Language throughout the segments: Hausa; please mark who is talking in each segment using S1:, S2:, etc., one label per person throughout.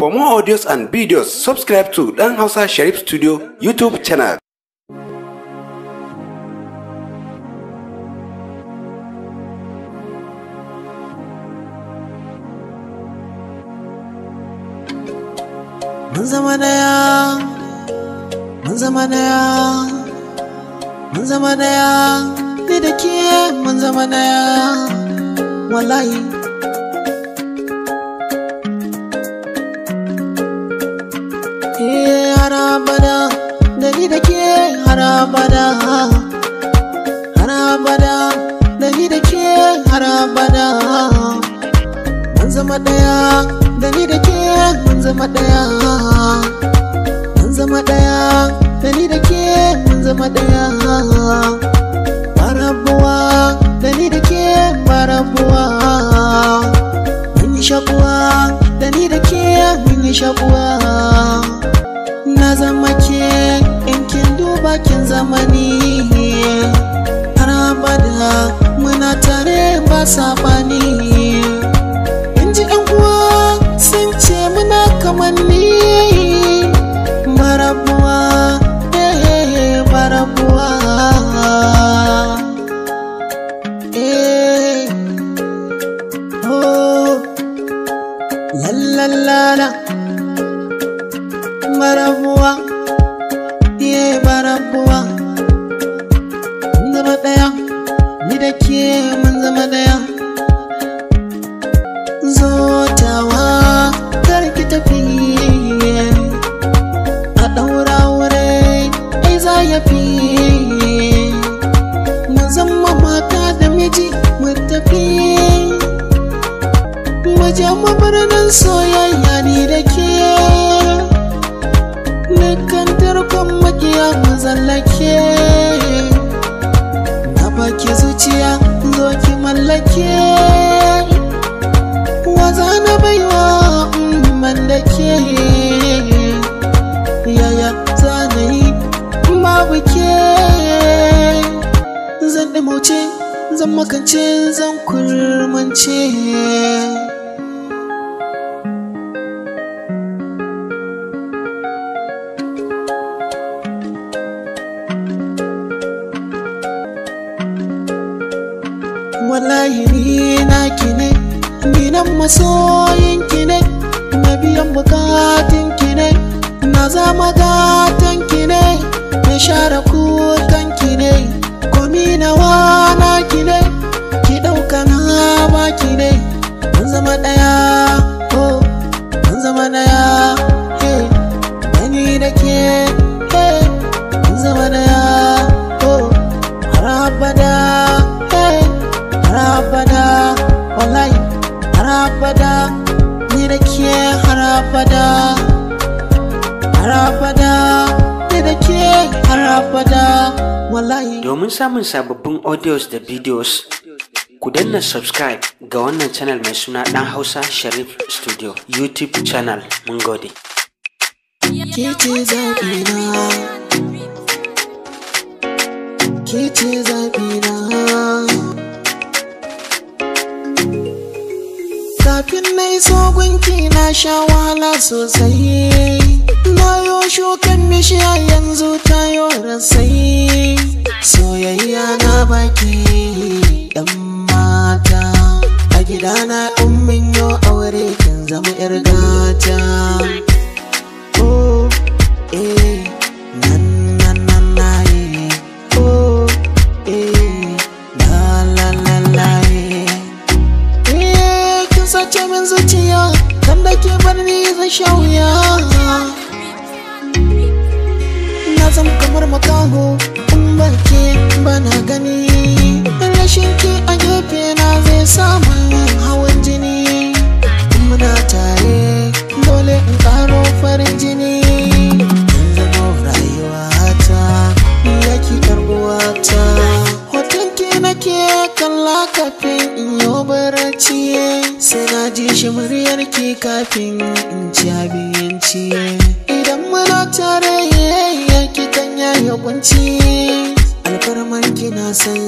S1: For more audios and videos, subscribe to Dan Hausa Sharif Studio YouTube channel. Mun zama daya, mun zama daya, mun zama daya, ni da ke mun zama daya, wallahi. har abada mun zama daya da ni da ke mun zama daya mun zama daya da ni da ke mun zama daya barabuwa da ni da ke barabuwa mun yi shakuwa da ni da ke mun yi shakuwa na zama ke in kin duba kin zamani abada muna tare ba sabani in ji uwa sun ce muna kamanni barabuwa eh barabuwa eh oh lalala ki tafi a ɗaura wurai ai za ya fi mu zama mata da miji mu tafi mu soyayya ne da ke nukan tarkon makiya mu zallake na baki zuciya zo ki mallake kauce zan makance zan kurmance wallahi ni gidan masoyin kine, na biyan bukatun kine, na zama gatan kine. ke har abada domin samun sababbin audios da videos ku danna subscribe ga wannan channel mai suna dan hausa sharif studio youtube channel mun gode Kece zaɓina Kafin na iso gunki na sha wahala sosai shukan bishiya yanzu ta rasai soyayya na baki ɗan mata a gidana in mun yo aure kin zama yar gata oh eh nan nan nan na yi oh eh la la la la eh kin sace min zuciya kan da ke bar ni zan sha ji shi muryar kafin in ci abinci idan muna tare ki kan yayi kunci alfarman ki na san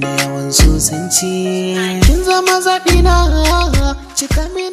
S1: na yawan sosanci kin zama zaɓi na cika